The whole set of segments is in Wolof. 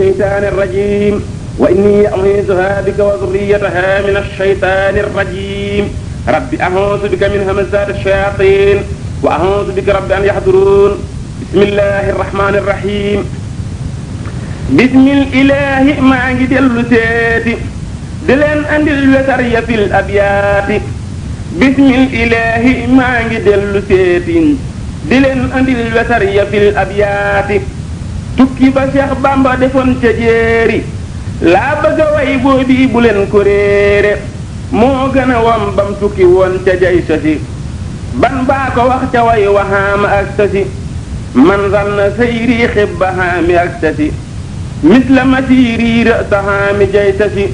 الشيطان الرجيم وإني أعوذها بك وذريتها من الشيطان الرجيم رب أعوذ بك من همزات الشياطين وأعوذ بك رب أن يحضرون بسم الله الرحمن الرحيم بسم الإله ما نجي دلو سيتي دلين أندل في الأبيات بسم الإله ما نجي دلو سيتي دلين أندل في الأبيات tukki ba Cheikh Bamba defoon ca jéeri laa bëgg a way boobi bu leen ko réere moo gën a wam bam tukki woon ca jay sasi ban baa ko wax ca way waxaama ak sasi man zanna sayri xibbahaami ak sasi misla masiiri rë'sahaami jay sasi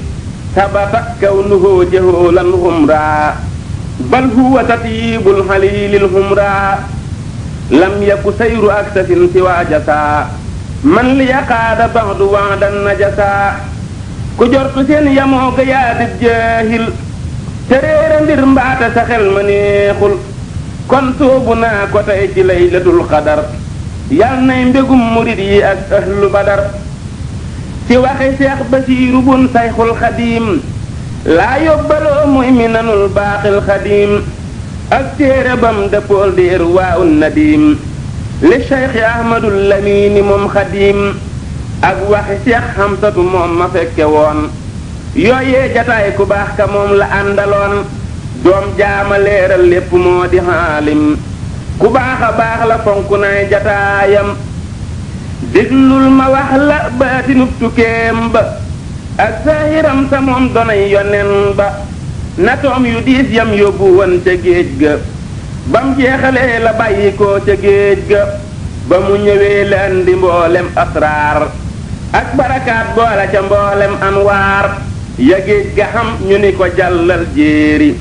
sabatat kawnuhu jahulan humraa bal huwa tatyiibul xaliilil humraa lam yaku sayru ak sasin siwaa jasaa man li yaqaada baxdu waxdan najasa ku jortu seen yamoo ga jaahil te mbaata sa xel ma neexul kon soobu naa ko tey ci laylatul xadar yal nay mbégum murit yi ak ahlu badar ci waxi seex basiiru bun sayxul xadiim laa yóbbaloo muy minanul baaxil xadiim ak téere bam dëppool irwaa un nadiim li cheikh ahmadul lamini moom xadim ak waxi cheikh xamsatu moom ma fekke woon yooyee jataay ku baax ka moom la àndaloon doom jaama leeral lépp moo di xaalim ku baax baax la fonk nay jataayam déglul ma wax la baatinub tukkeem ba ak saahiram sa moom donay yonen ba natoom yu diis yam yóbbu woon ca géej ga bam jeexale la bàyyikoo ca géej ga ba mu ñëwee la andi mboolem asraar ak barakaat boole ca mboolem anwaar ya géej ga xam ñu ni ko jàllal jéeri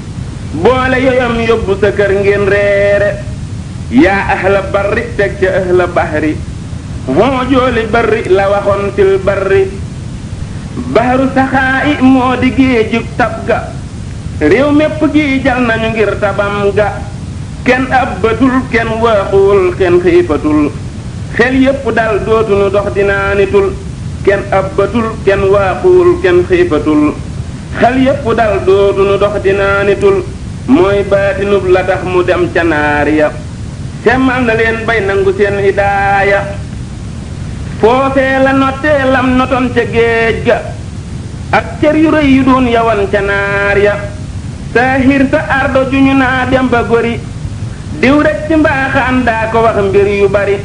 boole yoyam yóbbu sa kër ngeen reere yaa ahla barri teg ca ahla bahri moo jooli barri la waxoon til barri bahru saxaa'i moo di géejug tab ga réew mépp gi jal nañu ngir tabam ga Ken abbatul ken waqul ken khifatul xel yépp dal dootunu dox nitul ken abbatul ken waqul ken xiifatul xel yépp dal dootunu dox nitul mooy baatinub la tax mu dem ca naar ya semmal na leen bay nangu seen hidaaya foofee la nottee lam noton ca géej ga ak cër yu rëy yu doon yawan ca naar ya sahir sa ardo juñu naa dem ba gori diw rek ci mbaaxaan daa ko wax mbir yu bari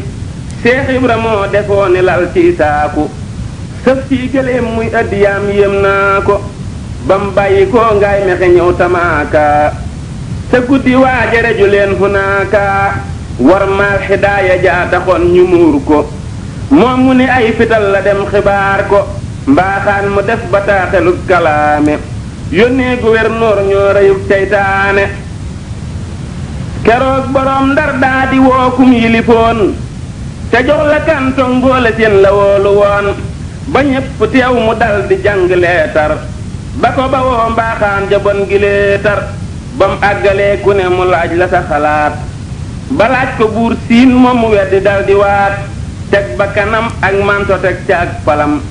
Seex Ibra moo defoon ni lal ci saaku sëf ci gëléem muy addiyaam yéem naa ko bam bàyyi koo ngaay mexe ñëw tamaaka sa guddi waaja reju leen fu naaka war maal jaa taxoon ñu muur ko moom mu ni ay fital la dem xibaar ko mbaaxaan mu def bataaxelub kalaame yónnee gouverneur ñoo reyub seytaane keroog boroom ndar daa di wookum yilifoon te jox la kanto ngóole seen la woolu woon ba ñépp teew mu dal di leetar ba ko ba woo mbaaxaan ja bon gi leetar ba mu àggalee ne mu laaj la sa xalaat ba laaj ko buur siin moom mu weddi dal di teg ba kanam ak manto teg ca ak palam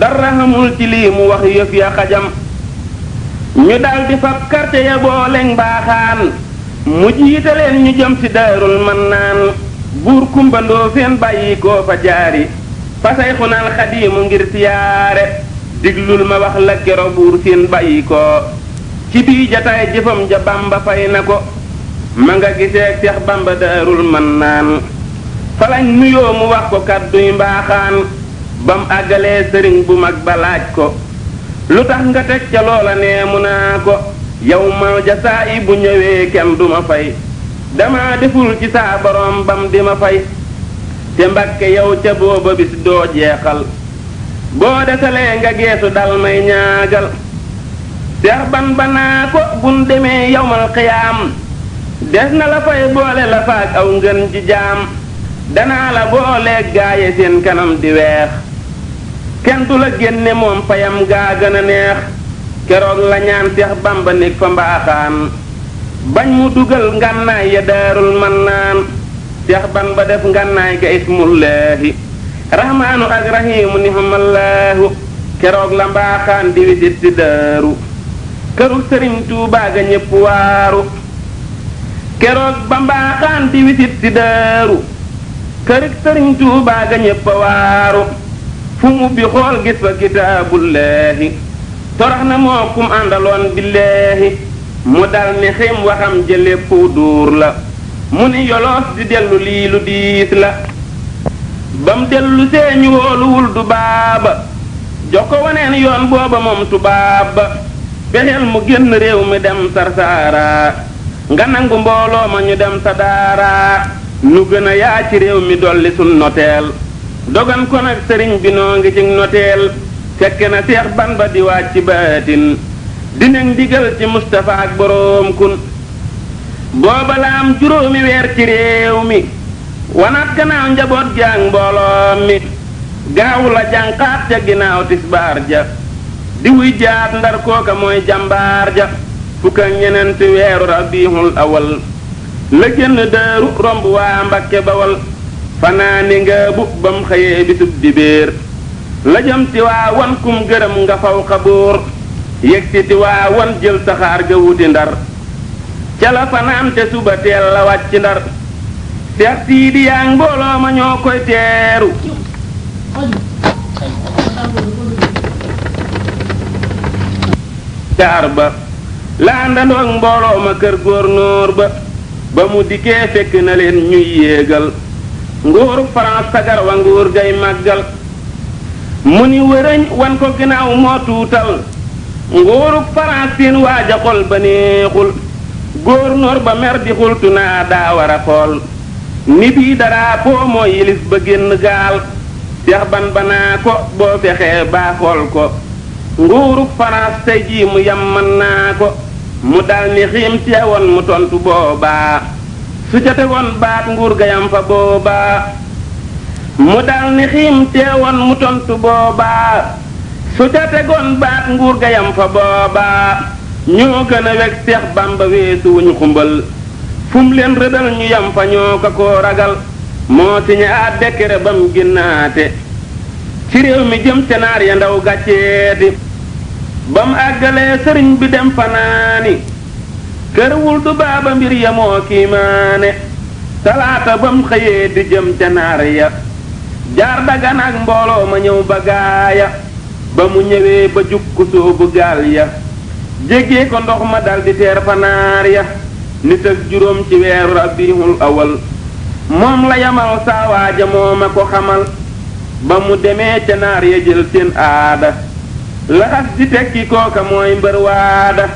dara xamul ci lii mu wax yëf ya xajam ñu dal fab karte ya boo leng mbaaxaan mu jiite leen ñu jëm ci daarul man naan buur kumbandoo seen bàyyi koo fa jaari fasay xunal xadiimu ngir siyaare diglul ma wax la kero buur seen bàyyi koo ci bii jataay jëfam ja bamba fay na ko ma nga giseeg seex bamba daarul man naan falañ nuyoo mu wax ko kàdduy mbaaxaan bam àggalee sëriñ bu mag ba laaj ko lu tax nga teg ca loola nee naa ko jasa jasaa'i bu ñëwee kenn ma fay dama deful ci saa borom bam di ma fay te mbakke yow ca booba bis doo jeexal boo desalee nga geesu dal may ñaagal seex ban banaa ko bun demee yawmal qiyaam des na la fay boole la faak aw ngën ji jaam danaa la booleeg gaaye seen kanam di weex kenn du la génne moom fayam gaa gën a neex keroog la ñaan seex bamba nek fa mbaaxaan bañ mu dugal ngànnaay ya daarul mannaan seex bamba def ngànnaay ga ismullaahi rahmaanu ak rahiimu nihmallaahu keroog la mbaaxaan di wisit si daaru këru sëriñ tuubaa ga ñépp waaru keroog ba mbaaxaan di wisit si daaru këru sëriñ tuubaa ga waaru fu mu bi xool gis fa torox na moo kum àndaloon billahi mu dal ni xim waxam jële duur la mu ni yoloos di dellu lii lu diis la bam dellu see ñu wóoluwul du baaba jox ko waneen yoon booba moom tubaab ba fexeel mu génn réew mi dem sarsaara nga nangu mbooloo ma ñu dem sa daara gën a yaa ci réew mi dolli sun noteel dogan ko nag sëriñ bi noo ngi ci noteel fekkena cheikh seex bamba di waaj batin dinañ digal ci mustafa ak borom kun booba la am juróomi weer ci réew mi wanaat gannaaw njaboot jang mbooloom mi gaaw la jànqaat ca ginaaw tisbaar ja di wuy jaar ndar kooka mooy jàmbaar ja fukk ñenent weeru awal la génn daaru romb waa mbakke bawal fanaani nga bu bam xëyee bisub dibéer Lajam tiwa wan kum gërëm nga faw xabuur yëg tiwa ti wan jël saxaar ga wuti ndar ca la fanaan te suba teel la wàcc ndar seex siidi yaa mbooloo ma ñoo koy teeru jaar ba la àndandoog mbooloo ma kër góornóor ba ba mu dikkee fekk na leen ñuy yéegal nguur france sagar wa nguur gay màggal mu ni wërëñ wan ko ginnaaw moo tuutal nguurug Palestine waaja xol ba neexul gouverneur ba mer di xultu naa daa war a xool ni bii dara poo moo yilis ba génn gaal dex ban ba naa ko boo fexee baa xool ko nguurug France tey jii mu yam mën naa ko mu dal ni xiim teewoon mu tontu boobaa su ca baat nguur gayam fa boobaa mu dal xiim teewoon mu tontu boobaa su ca tegoon baat nguur ga yam fa boobaa ñoo gën a weg seex bàmba weesu wuñu xumbal fu mu leen rëdal ñu yam fa ñoo ko ko ragal moo siñe aat dekkere ba mu ginnaate ci réew mi jëm ca naar ya ndaw gàcceeti ba mu àggalee sëriñ bi dem fanaani kërwul du baaba mbir ya moo kiimaane talaata ba mu xëyee di jëm ca naar ya jaar dagan ak mbooloo ma ñëw ba gaaya ba mu ñëwee ba jukku soobu gaal ya jéggee ya. ya, ko ndox ma dal di teer fanaar ya nit ak juróom ci weeru awal moom la yamal saawaaja mooma ko xamal ba mu demee ca naar ya jël seen aada laxas di tekki kooka mooy mbër waada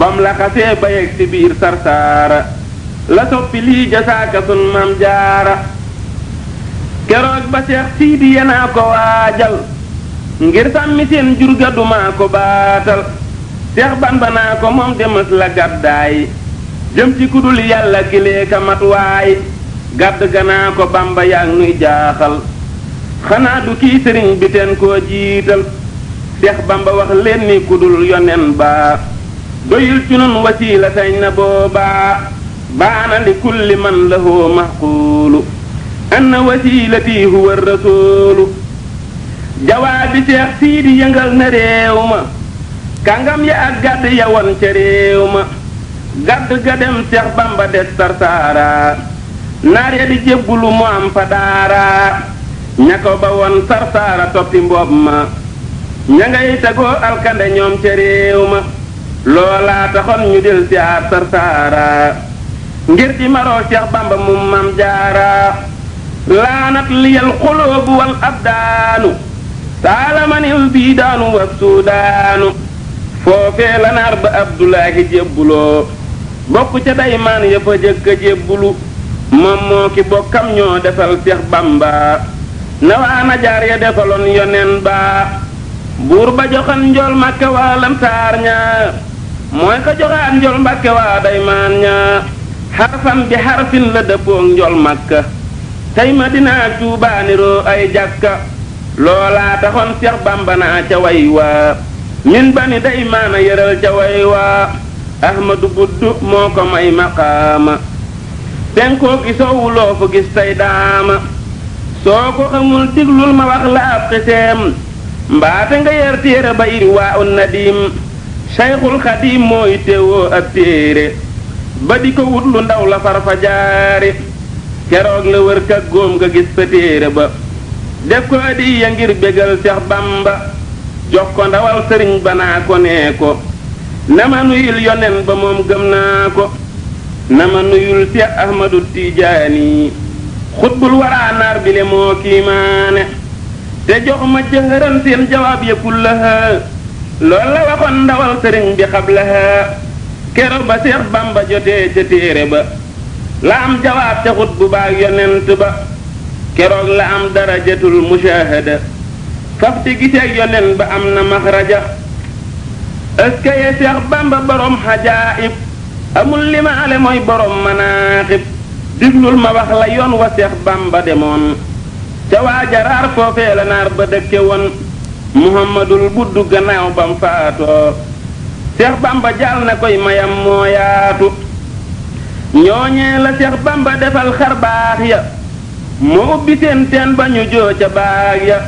bam laxasee ba yegg ci biir sarsaara la soppi lii jasaaka sun mam jaara keroog ba seex siidi yenaa ko waajal ngir sàmmi seen aku batal. dumaa ko baatal seex bamba naa ko moom demas la gàddaay jëm ci kudul yàlla kilee ka matuwaay gàdd ga ko bamba yaag nuy jaaxal xanaa du kii sëriñ bi ten koo jiital seex bamba wax leen ni kudul yonen baa doyul ci nun wasiila sañ na boobaa baana li kulli man lahu maxquulu أن وسيلتي هو Jawab جواب شيخ سيدي ينقل نريوما kangam ya ak gadd ya won ca réew ma gadd ga dem seex bamba des sarsaara naar ya di jébbulu mu am fa daara ña ba won sarsaara ma ña ngay tagoo alkande ñoom ca réew ma loolaa taxoon ñu del siaar sarsaara ngir di maroo seex bamba mum mam jaara Lanat liyal qulub wal abdanu, taalaman il biidaanu wa suudaanu foofee la naar ba abdulaahi jébbuloo bokk ca daymaan ya fa jëkk a jébbulu moom moo ki bokkam ñoo defal seex bamba Nawana najaar ya defaloon yonen ba buur ba joxan njool màkke waa lamsaar ña mooy ko joxaan njool mbàkke waa daymaan bi la tey Madina ak Tuubaa ay jàkka loolaa taxoon Seex Bàmba ca way min ba ni day maana yëral ca way waa ahmadu moo ko may maqaama tenkoo gi soowu loo fa gis daama soo ko xamul diglul ma wax la ab xiseem mbaate nga yer téere ba iri waa un nadim sayxul xadim mooy teewoo ab téere ba di ko wut lu ndaw la far keroog la wër ka góom nga gis sa ba def ko adiya ngir bégal Seex Bamba jox ko ndawal sëriñ ba naa ko nee ko na ma nuyul yonen ba moom gëm naa ko na ma nuyul Seex Ahmadu Tijaani xutbul waraa naar bi le moo kiimaane te jox ma jëhëran seen jawaab yëppul laha loolu la waxoon ndawal sëriñ bi xab laha kero ba Seex Bamba jotee ca téere ba la am jawaab ca xut bu baag yonent ba keroog la am darajatul mushahada faf te giseeg yonent ba am na maxraja ëskëye seex bamba borom xajaayib amul li ma ale mooy borom manaaxib diglul ma wax la yoon wa seex bamba demoon ca waa jaraar foofee la naar ba dëkke woon muhammadul buddu gannaaw bam faatoo seex bamba jaal na koy mayam mooyaatu ñooñee la Seex Bamba defal xar baax ya moo ubbi seen teen ba ñu joo ca baag ya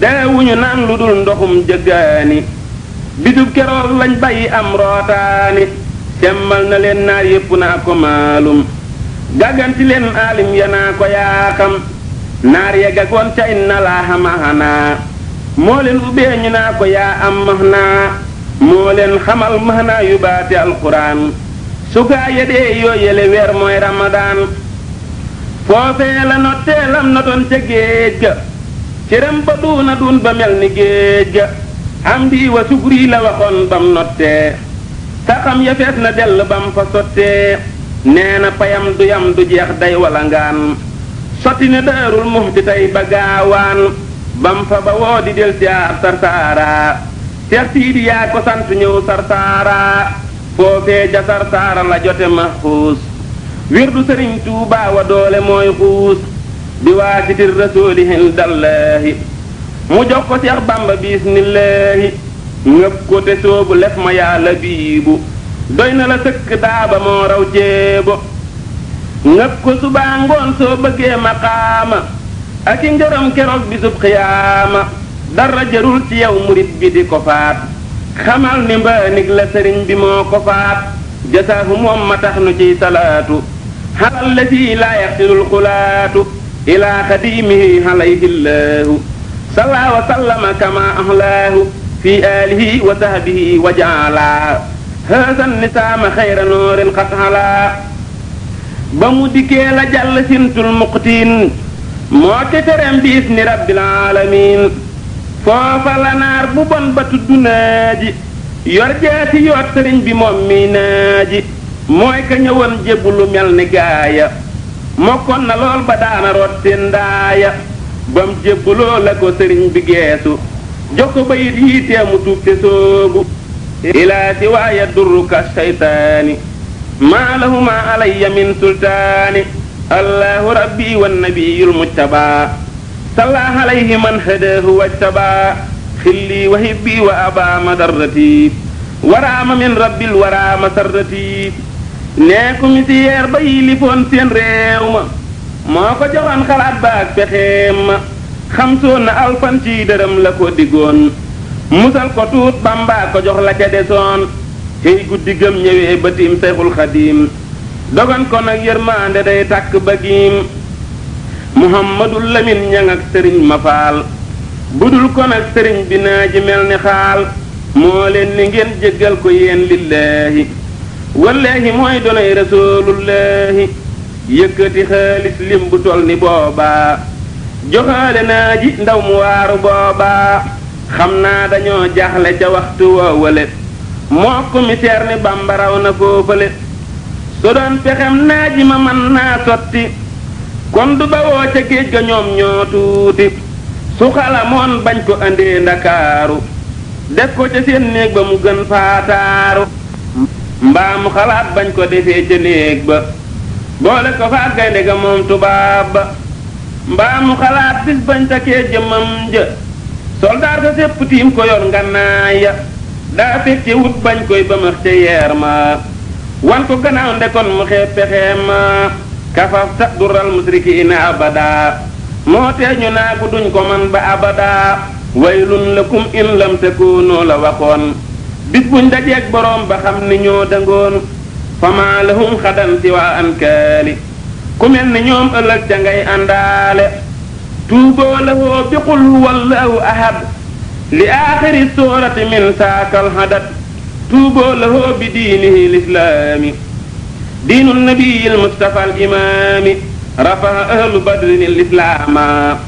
deewuñu naan lu dul ndoxum jëggaani bidub keroog lañ bàyyi am rootaani semmal na leen naar yépp naa ko maalum gàgganti leen aalim ya naa ko yaaxam naar ya gagoon ca inna laaha mahanaa moo leen ubbee ñu naa ko yaa am mahnaa moo leen xamal mahnaa yu baate alquran suka yede ya yo yele ya wer moy ramadan fofé la noté lam na don ci geej ci ram ba na dun ba melni amdi wa sukri la waxon bam notte taxam ya fess na del bam fa soté neena payam du yam du jeex day wala ngaan sotine darul muhdi tay bagawan bam fa ba di del ci ar sarsara ya ko sant ñew tartara foofee ca sarsaara la jote mahfuus wirdu sëriñ tuubaa wa doole mooy xuus bi waasitir rasuuli hindallaahi mu jox ko seex bamba bismillaahi ngëpp ko te soobu lef ma yàlla biibu doy na la sëkk daaba moo raw jéebo ngëpp ko subaa ngoon soo bëggee maqaama ak i ngërëm keroog bisub xiyaama dara jarul ci yow murit bi di ko faat xamal ne mba mbaanig la sëriñ bi moo ko faat jasaahu moom ma tax nu ciy salaatu xalal la si laa yaxtinul xulaatu ilaa xadiimihi xalayhi llaahu salla wa sallama kama ahlaahu fi aalihi wa sahbihi wa jaalaa haasa nisaama xayra noorin xat xalaa ba mu dikkee la jàll sintul muqtiin moo ci tereem biis ni rabbil aalamiin foofa la naar bu bon ba tudd naaji yor jaasi yoot sëriñ bi moom naaji mooy ka ñëwoon jébbu lu mel ni gaaya mokkoon na lool ba daana rotti ndaaya ba jébbuloo la ko sëriñ bi geesu jox bayit yii teemu tuub te ilaa si waaya durruka seytaani maa alayya min sultaani allahu rabbi wa nabiyul mujtabaa salla alayhi man hadaahu wajtabaa xilli wa hibbi wa abaa madarrati waraama min rabbil wara masarrati nee ku misiyeer ba yilifoon seen réew ma moo ko joxoon xalaat ba ak pexeem ma xamsoon na alfan ci dërëm la ko diggoon musal ko tuut bambaa ko jox la ca desoon xëy guddi gëm ñëwee ba tiim seyxul xadiim dogon ko nag yërmaande day tàkk ba giim muhammadul lamin ñang ak sëriñ mafaal budul kon ak sëriñ bi naa ji mel ni xaal moo leen ni ngeen jéggal ko yéen lillaahi wallaahi mooy donay rasulullaahi yëkkati xaalis lim bu tol ni boobaa joxaale naa ndaw mu waaru boobaa xam naa dañoo jaaxle ca waxtu woowale moo commissaire ni bambaraw na foofale so doon pexem naa ma mën naa sotti kon du bawoo ca géej ga ñoom ñoo tuuti su xalamoon bañ ko andee ndakaaru def ko ca seen néeg ba mu gën faataaru mbaa mu xalaat bañ ko defee ca néeg ba boole ko fa ak gaynde ga moom tubaab ba mbaa mu xalaat bis bañ takee jëmam ja soldaar sa sépp tiim ko yor nga ya daa ci wut bañ koy ba max ca yeer ma wan ko gannaaw ndekon mu xee pexeem ma kafafta dural musrikiina abada moo tee ñu naagu duñ ko man ba abada waylun lakum in lam takoonoo la waxoon bis buñ dajeeg boroom ba xam ni ñoo dangoon fama lahum xadan si waa ankaali ku mel ni ñoom ëllëg ca àndaale tuuboo lahoo bi qul huwallahu ahad li aaxiri suurati min saakal hadat tuuboo lahoo bi diinihi lislaami diinu nabiyi almustafa alimaami rafaha ahlu badrin alislaama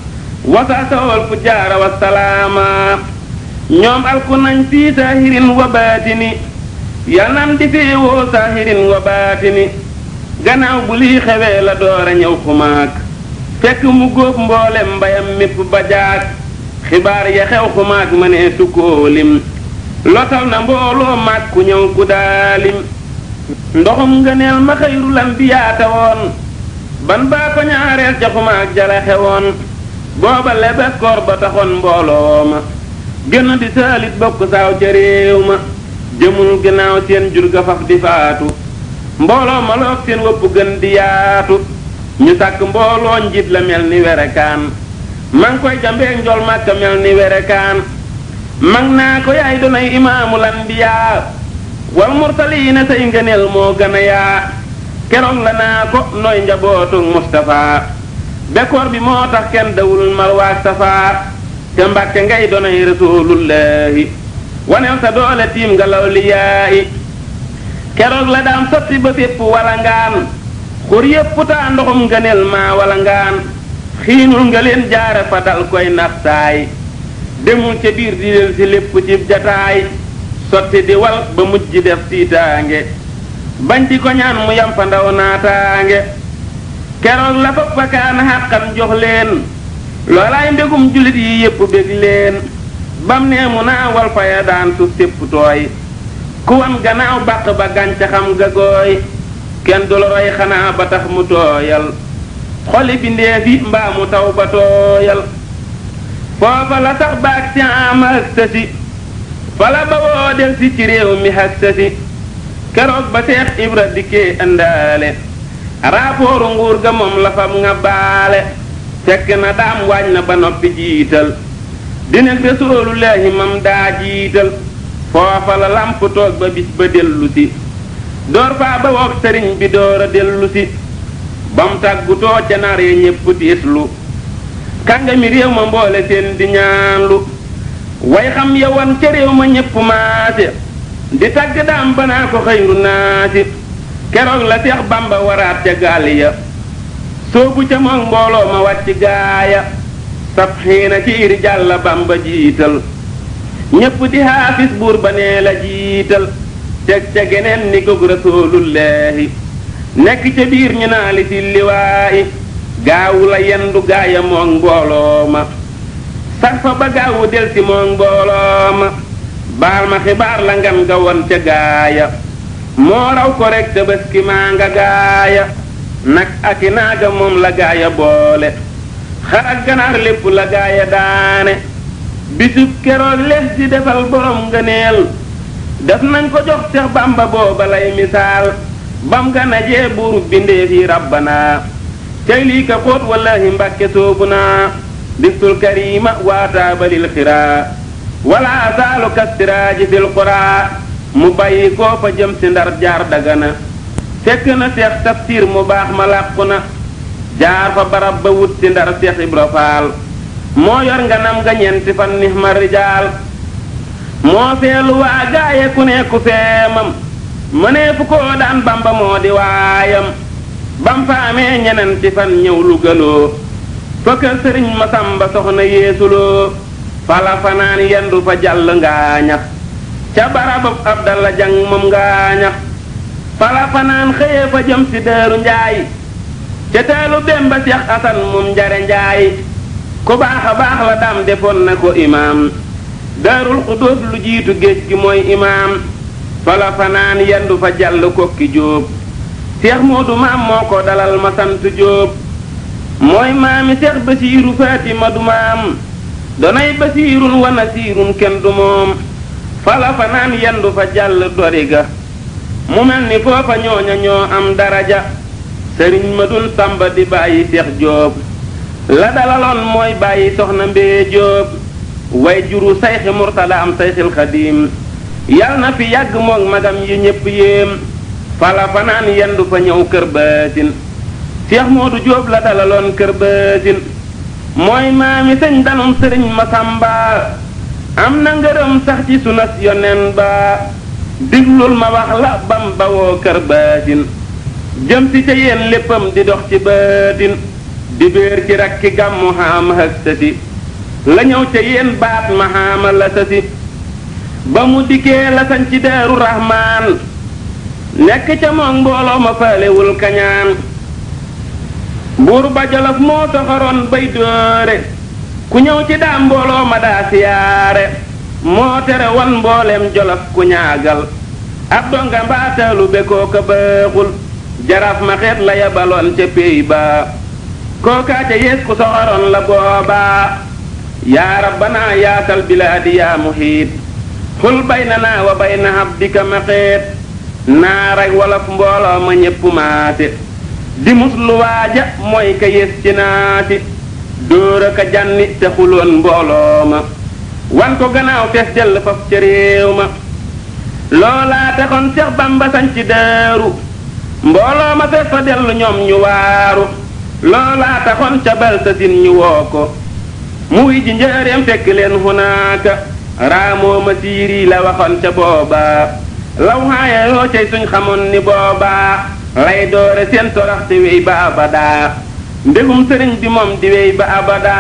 wasaatahu alfujaara wassalaama ñoom alku nañ fi saahirin wa baatini yanam di féewoo saahirin wa baatini gannaaw bu lii xewee la door ñëw xumaak fekk mu góob mboolem mbayam mépp ba jaag xibaar ya xew xumaak ma nee su na mbooloo maag ñëw ku daalim ndoxum neel ma xayrul bi yaata woon ban baa ko ñaareel jaxuma ak jalaxe woon booba lebe koor ba taxoon mbooloo ma gën di saalit bokk saaw ca réew ma jëmul ginnaaw seen jur ga faf di faatu mbooloo ma loog seen wëpp gën di yaatu ñu sàkk mbooloo njit la mel ni werekaan mang koy jambee njol màkka mel ni werekaan mang naa ko yaay donay imaamul yaa wal mursaliina say ngëneel moo gën a yaa keroog la naa ko nooy njabootu Mustafa bekkoor bi moo tax kenn dawul marwaak safa te mbàkke ngay donay rasulullahi waneel sa doole tiim ngelaw li yaayi keroog la daam sotti ba fépp walangaan xur yépp taa ndoxum ngëneel maa walangaan xiinul nga leen jaare fa dal koy naxtaay demul ca biir di leen lépp ci jataay sotti diwal ba mujj def tiitaange bañ di ko ñaan mu yam fa ndaw naataange keroog la fa fakaan xàqan jox leen loolaay mbégum julit yi yépp bég leen bam ne mu naa wal ya daan tu sépp tooy ku wan gannaaw bàq ba gàncaxam ga gooy kenn du la roy xanaa ba tax mu tooyal xoli mbaa mu taw ba tooyal foofa la sax baag ak bala ba woo del si ci rew mi hassasi karo ba tax ibra dikke andale rapport nguur ga mom la fam nga balé tek na dam wañ na ba nopi jital dina rasulullahi mam daa jiital foofa la lamp tok ba bis ba dellu si door faa ba woog serign bi dora a bam tàggutoo ca nar ya ñépp tiislu kàngami rew ma mbolé sen di ñaanlu way xam yowoon ca réew ma ñépp maase di tagg daam banaa ko xëyru naasi keroog la seex bamba waraat ca gaal ya soobu ca moog mbooloo ma wàcc gaaya sab xiina ci ir jàlla bamba jiital ñépp di haafis buur ba nee la jiital teg ca geneen ni gog rasuulullaahi nekk ca biir ñu naa li si liwaayi gaawu la yendu gaaya moog mbooloo ma sax fa ba gaawu del si mo mbooloo bal ma xibar la ngam ga woon ca gaaya mo raw ko rek tabaski ma nga gaaya nag ak naaga mom la gaaya boole xara ganar lepp la gaaya daane bisub kero les di defal borom neel def nañ ko jox cheikh bamba booba lay misal bam ga najee buru bindeef fi rabbana cey li ka xoot wallahi mbakke soobu naa بثت الكريم واتاب للقراء ولا زال كالسراج في القرى mu bàyyi koo fa jëm si ndar jaar dagana fekk na seex tafsir mu baax ma làqu na jaar fa barab ba wut si ndar seex ibra faal moo yor nga nam nga ñeenti fan ni ma rijaal moo feelu waa gaaye ku nekku feemam mënee koo daan bamba moo di waayam bam fa amee ñeneen ci fan ñëw lu galoo ba serigne sëriñ masamba soxna yeesuloo fala fanan yandu fa jall nga ñax ca barabab abdalla jang mom nga ñax fala fanan xeye fa jëm ci deru njaay ca teelu bemba seex asan moom jare njaay ku baax baax la dam defon na ko imam. Darul xudóos lu jitu géej gi moy imam fala fanan yandu fa jall ko ki job cheikh modou mam ko dalal ma sant mooy maami seex basiiru fatima du maam donay basiirun wa nasiirun ken du moom fala fa naan yendu fa jàll doriga mu mel ni foofa ñooña am daraja sëriñ ma tamba di bàyyi seex job la dalaloon mooy bàyyi soxna mbee jóob way juru sayxi murtala am sayxil khadim yal na fi yàgg moog magam yi ñépp yéem fala yendu fa ñëw kër baatin cheikh modou job la dalaloon kër bësin moy maami señ danum señ masamba amnang ngeureum sax ci sunas yonen ba diglul ma wax la bam bawoo kër bësin jëm si te yeen leppam di dox ci bëtin di beer ci rakki gàmmu lenyau caien sësi la ñew ca yeen baat ma xaama la sësi ba mu dikke la san ci daru rahman nek ca mo ma wul kañaan Buru bajalaf motor koron bay doore ku ñew ci da mbolo ma da siyaare mo tere wan mbolem jolaf ku ñaagal ab donga mbaataalu be kooka baaxul jaraf ma xet la balon ci pey ba ka ca yes ku soxoroon la ya yaa ya sal biladi ya muhit khul baynana wa bayna habdika ma wala mbolo ma di muslu waja moy ka yées ci naati ka janni te xuloon mbooloo wan ko gannaaw fess del faf ci rewma ma loolaa taxoon seex bamba san ci daru mbooloo ma fees fa del ñom ñu lola loolaa kon ca bal ta din ñu woko muy mu wi ji njëreem hunaka leen hunaaka la waxon ca boba law xaayaloo ci suñ xamone ni boba lay doore seen torox te wey ba abada ndegum sëriñ bi moom di wey ba abada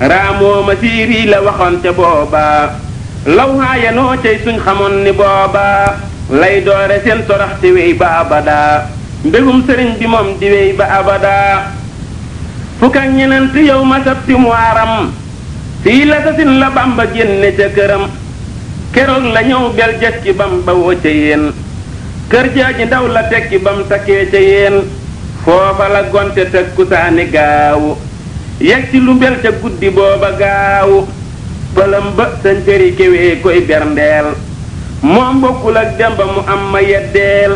raamoo ma siiri la waxoon te booba law haaya noo cay suñ xamoon ni booba lay seen torox te wey ba abada ndegum sëriñ bi moom di wey ba abada fukk ak ñenent yow ma sabti muwaaram fii la sasin la bamba génne ca këram keroog la ñëw bel jës bamba woo ca yéen kerja ji ndaw la tekki bam mu takkee ca yéen foofa la gonte takkusaani gaaw yegg ci lu mbel ca guddi booba gaaw pëlam ba sañ këri koy berndeel moom bokkul ak demba mu am ma yeddeel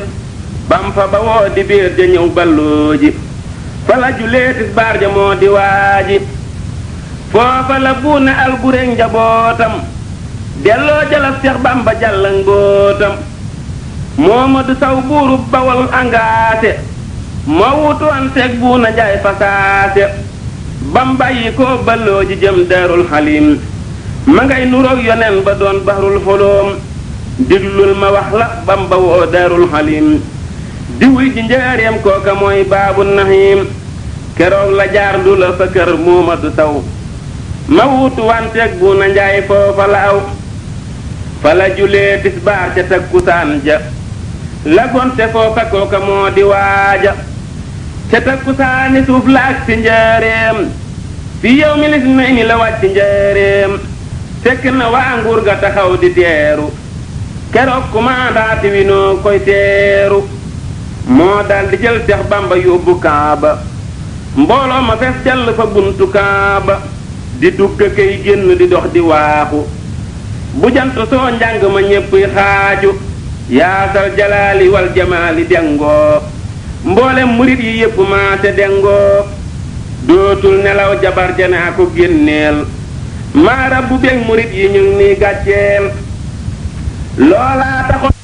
bam fa ba woo di biir ja ñëw ji fa la leetis baar ja moo di waaji foofa la buuna albureeg njabootam delloo jalas seex bamba jàllang bootam Moomadu Saw buurub Bawol angaase moo wutoon seeg buuna jaay fasaase bam bàyyi koo balloo ji jëm daarul xalim ma ngay nuroog yonen ba doon baxrul xoloom diglul ma wax la bam ba woo daarul xalim diwuy ji njaareem kooka mooy baabu naxiim keroog la jaar du la fa kër Moomadu Saw ma wanteeg buuna njaay foofa la aw fa la julee tisbaar ca takkusaan ja ko ka ko kamu mo di waaja ca takkusaani suuf la ak si fi yow mi lis na ini la wàcc njaareem fekk na wa ga taxaw di teeru keroog kumaandaati wi wino koy teru mo dal di jël seex bamba yóbbu kaaba mbolo ma fess jàll fa buntu kaaba di dugg kay genn di dox di waxu bu jant so njang ma ñepp xaju yaasal jalaali wal jamaali dengoo mboolem murit yi yépp maase dengoo dootul nelaw jabar janaa ko génneel maarab bu bég murit yi ñu ngi gàcceel loolaa taxoon